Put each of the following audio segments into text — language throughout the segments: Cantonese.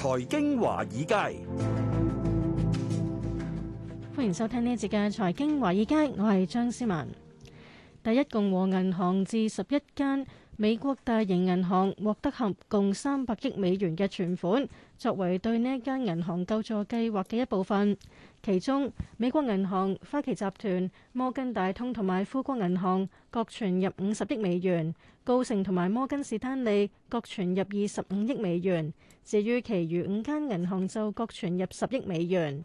財經華爾街，歡迎收聽呢一節嘅財經華爾街。我係張思文。第一共和銀行至十一間美國大型銀行獲得合共三百億美元嘅存款，作為對呢一間銀行救助計劃嘅一部分。其中，美國銀行、花旗集團、摩根大通同埋富國銀行各存入五十億美元，高盛同埋摩根士丹利各存入二十五億美元。至於其餘五間銀行就各存入十億美元。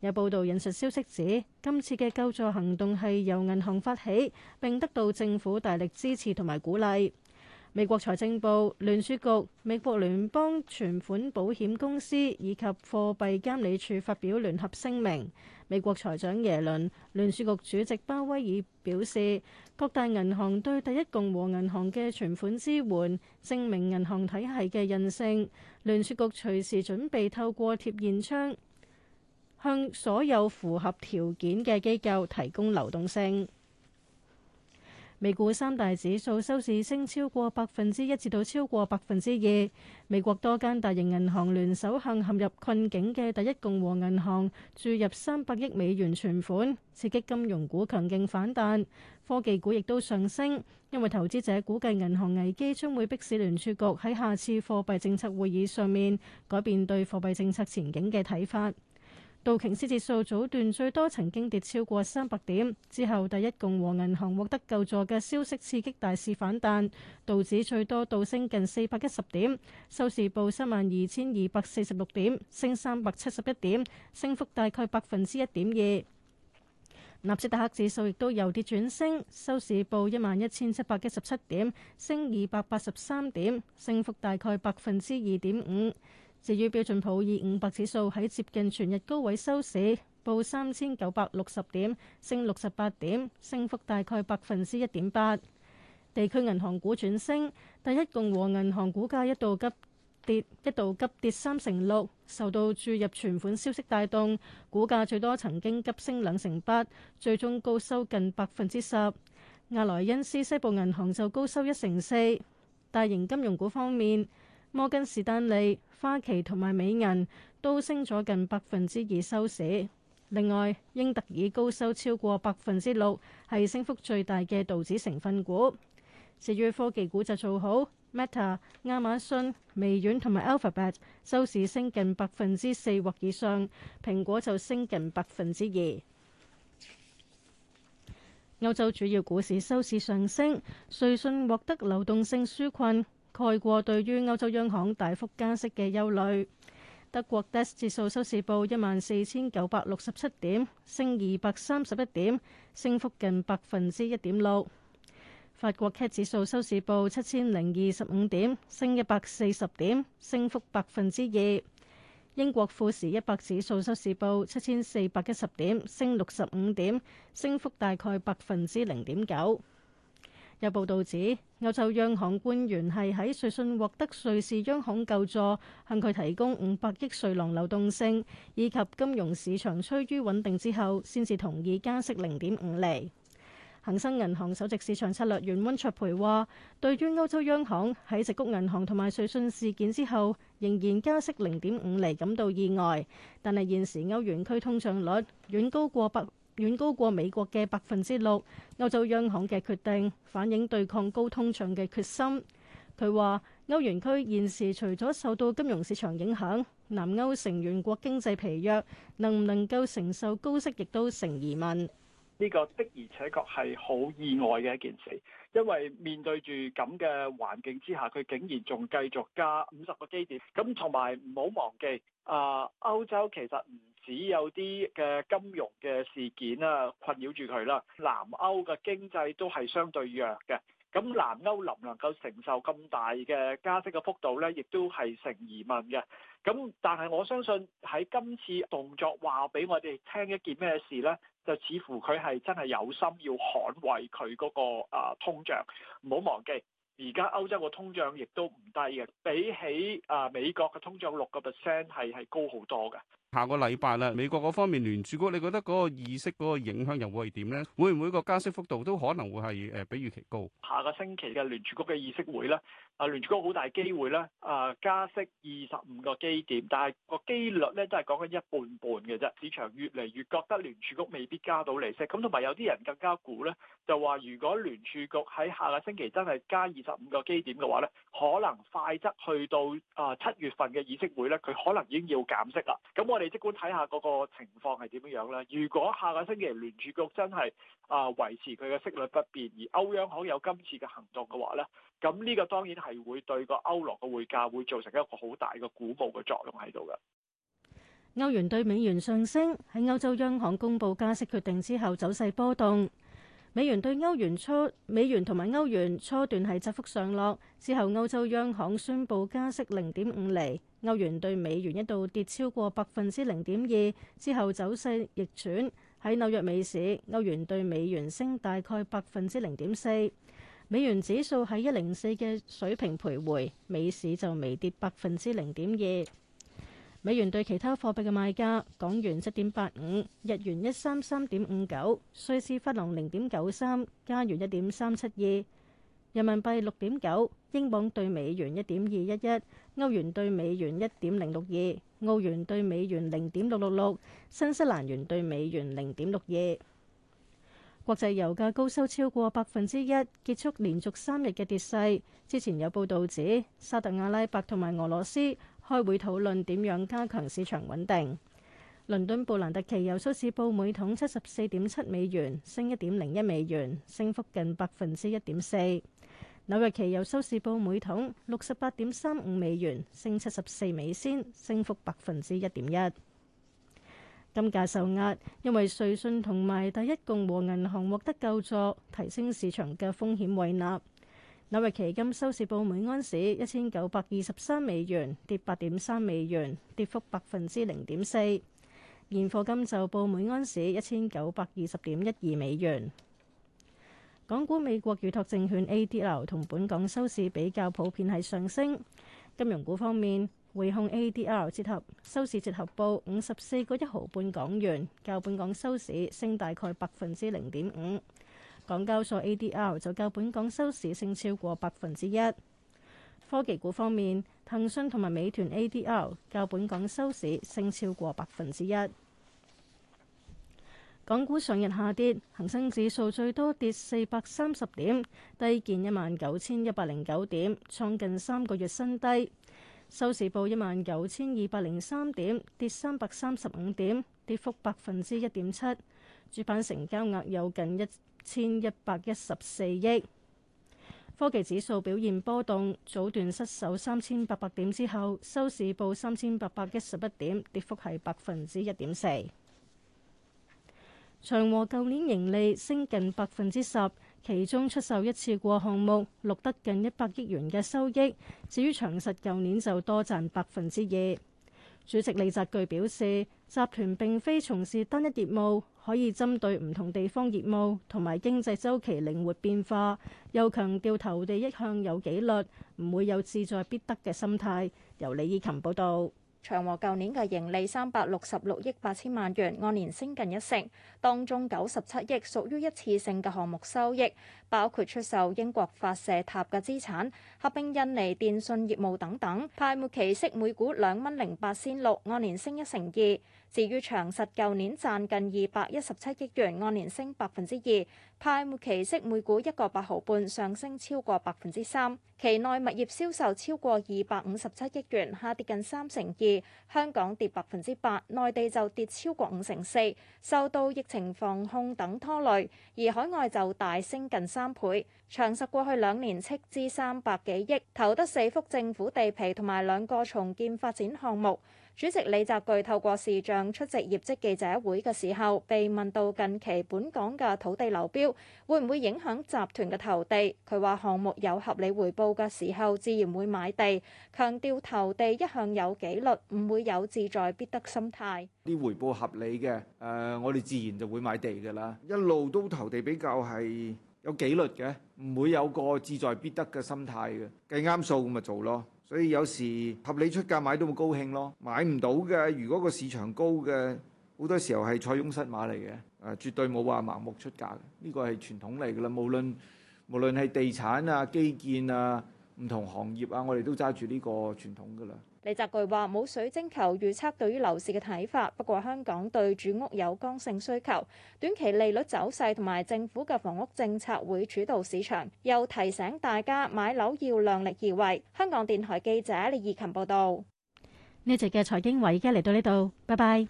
有報導引述消息指，今次嘅救助行動係由銀行發起，並得到政府大力支持同埋鼓勵。美國財政部、聯儲局、美國聯邦存款保險公司以及貨幣監理處發表聯合聲明。美國財長耶倫、聯儲局主席鮑威爾表示，各大銀行對第一共和銀行嘅存款支援，證明銀行體系嘅韌性。聯儲局隨時準備透過貼現窗向所有符合條件嘅機構提供流動性。美股三大指數收市升超過百分之一至到超過百分之二。美國多間大型銀行聯手向陷入困境嘅第一共和銀行注入三百億美元存款，刺激金融股強勁反彈，科技股亦都上升，因為投資者估計銀行危機將會迫使聯儲局喺下次貨幣政策會議上面改變對貨幣政策前景嘅睇法。道瓊斯指數早段最多曾經跌超過三百點，之後第一共和銀行獲得救助嘅消息刺激大市反彈，道指最多倒升近四百一十點，收市報三萬二千二百四十六點，升三百七十一點，升幅大概百分之一點二。納斯達克指數亦都由跌轉升，收市報一萬一千七百一十七點，升二百八十三點，升幅大概百分之二點五。至於標準普爾五百指數喺接近全日高位收市，報三千九百六十點，升六十八點，升幅大概百分之一點八。地區銀行股轉升，第一共和銀行股價一度急跌，一度急跌三成六，受到注入存款消息帶動，股價最多曾經急升兩成八，最終高收近百分之十。亞萊恩斯西部銀行就高收一成四。大型金融股方面。摩根士丹利、花旗同埋美銀都升咗近百分之二收市。另外，英特爾高收超過百分之六，係升幅最大嘅道指成分股。至於科技股就做好，Meta、亞馬遜、微軟同埋 Alphabet 收市升近百分之四或以上，蘋果就升近百分之二。歐洲主要股市收市上升，瑞信獲得流動性紓困，蓋過對於歐洲央行大幅加息嘅憂慮。德國 DAX 指數收市報一萬四千九百六十七點，升二百三十一點，升幅近百分之一點六。法國 CAC 指數收市報七千零二十五點，升一百四十點，升幅百分之二。英國富時一百指數收市報七千四百一十點，升六十五點，升幅大概百分之零點九。有報道指，歐洲央行官員係喺瑞信獲得瑞士央行救助，向佢提供五百億瑞郎流動性，以及金融市場趨於穩定之後，先至同意加息零點五厘。恒生銀行首席市場策略員温卓培話，對於歐洲央行喺矽谷銀行同埋瑞信事件之後，仍然加息零點五厘感到意外，但係現時歐元區通脹率遠高過百。遠高過美國嘅百分之六，歐洲央行嘅決定反映對抗高通脹嘅決心。佢話歐元區現時除咗受到金融市場影響，南歐成員國經濟疲弱，能唔能夠承受高息亦都成疑問。呢個的而且確係好意外嘅一件事，因為面對住咁嘅環境之下，佢竟然仲繼續加五十個基點。咁同埋唔好忘記啊，呃、歐洲其實唔。只有啲嘅金融嘅事件啊，困擾住佢啦。南歐嘅經濟都係相對弱嘅，咁南歐能唔能夠承受咁大嘅加息嘅幅度咧，亦都係成疑問嘅。咁但係我相信喺今次動作話俾我哋聽一件咩事咧，就似乎佢係真係有心要捍衛佢嗰個啊通脹，唔好忘記，而家歐洲嘅通脹亦都唔低嘅，比起啊美國嘅通脹六個 percent 係係高好多嘅。下個禮拜啦，美國嗰方面聯儲局，你覺得嗰個議息嗰個影響又會係點咧？會唔會個加息幅度都可能會係誒比預期高？下個星期嘅聯儲局嘅議息會咧，啊聯儲局好大機會咧啊加息二十五個基點，但係個機率咧都係講緊一半半嘅啫。市場越嚟越覺得聯儲局未必加到利息，咁同埋有啲人更加估咧，就話如果聯儲局喺下個星期真係加二十五個基點嘅話咧，可能快則去到啊七月份嘅議息會咧，佢可能已經要減息啦。咁我。即管睇下嗰個情況係點樣樣咧？如果下個星期聯儲局真係啊維持佢嘅息率不變，而歐央行有今次嘅行動嘅話咧，咁呢個當然係會對個歐羅嘅匯價會造成一個好大嘅鼓舞嘅作用喺度嘅。歐元對美元上升，喺歐洲央行公布加息決定之後走勢波動。美元對歐元初，美元同埋歐元初段係窄幅上落，之後歐洲央行宣布加息零點五厘，歐元對美元一度跌超過百分之零點二，之後走勢逆轉，喺紐約美市歐元對美元升大概百分之零點四，美元指數喺一零四嘅水平徘徊，美市就微跌百分之零點二。美元對其他貨幣嘅賣價：港元七點八五，日元一三三點五九，瑞士法郎零點九三，加元一點三七二，人民幣六點九，英鎊對美元一點二一一，歐元對美元一點零六二，澳元對美元零點六六六，新西蘭元對美元零點六二。國際油價高收超過百分之一，結束連續三日嘅跌勢。之前有報導指沙特阿拉伯同埋俄羅斯。開會討論點樣加強市場穩定。倫敦布蘭特期油收市報每桶七十四點七美元，升一點零一美元，升幅近百分之一點四。紐約期油收市報每桶六十八點三五美元，升七十四美仙，升幅百分之一點一。金價受壓，因為瑞信同埋第一共和銀行獲得救助，提升市場嘅風險胃納。紐約期金收市報每盎司一千九百二十三美元，跌八點三美元，跌幅百分之零點四。現貨金就報每盎司一千九百二十點一二美元。港股美國預託證券 ADR 同本港收市比較普遍係上升。金融股方面，匯控 ADR 折合收市折合報五十四個一毫半港元，較本港收市升大概百分之零點五。港交所 A D R 就較本港收市升超過百分之一。科技股方面，騰訊同埋美團 A D R 較本港收市升超過百分之一。港股上日下跌，恒生指數最多跌四百三十點，低見一萬九千一百零九點，創近三個月新低。收市報一萬九千二百零三點，跌三百三十五點，跌幅百分之一點七。主板成交額有近一。千一百一十四億。科技指數表現波動，早段失守三千八百點之後，收市報三千八百一十一點，跌幅係百分之一點四。長和舊年盈利升近百分之十，其中出售一次過項目錄得近一百億元嘅收益。至於長實舊年就多賺百分之二。主席李澤钜表示，集團並非從事單一業務，可以針對唔同地方業務同埋經濟周期靈活變化。又強調，投地一向有紀律，唔會有志在必得嘅心態。由李以琴報道。長和舊年嘅盈利三百六十六億八千萬元，按年升近一成。當中九十七億屬於一次性嘅項目收益，包括出售英國發射塔嘅資產、合併印尼電信業務等等。派末期息每股兩蚊零八仙六，6，按年升一成二。至於長實舊年賺近二百一十七億元，按年升百分之二。派末期息每股一個八毫半，上升超過百分之三。期內物業銷售超過二百五十七億元，下跌近三成二。香港跌百分之八，內地就跌超過五成四，受到疫情防控等拖累。而海外就大升近三倍。長實過去兩年斥資三百幾億，投得四幅政府地皮同埋兩個重建發展項目。主席李澤钜透過視像出席業績記者會嘅時候，被問到近期本港嘅土地流標會唔會影響集團嘅投地，佢話項目有合理回報嘅時候，自然會買地，強調投地一向有紀律，唔會有志在必得心態。啲回報合理嘅，誒，我哋自然就會買地㗎啦。一路都投地比較係有紀律嘅，唔會有個志在必得嘅心態嘅，計啱數咁咪做咯。所以有時合理出價買都會高興咯，買唔到嘅，如果個市場高嘅，好多時候係塞翁失馬嚟嘅，誒、啊、絕對冇話盲目出價嘅，呢個係傳統嚟㗎啦，無論無論係地產啊、基建啊。唔同行業啊，我哋都揸住呢個傳統㗎喇。李澤鉅話冇水晶球預測對於樓市嘅睇法，不過香港對住屋有剛性需求，短期利率走勢同埋政府嘅房屋政策會主導市場，又提醒大家買樓要量力而為。香港電台記者李義琴報道。呢集嘅財經話已經嚟到呢度，拜拜。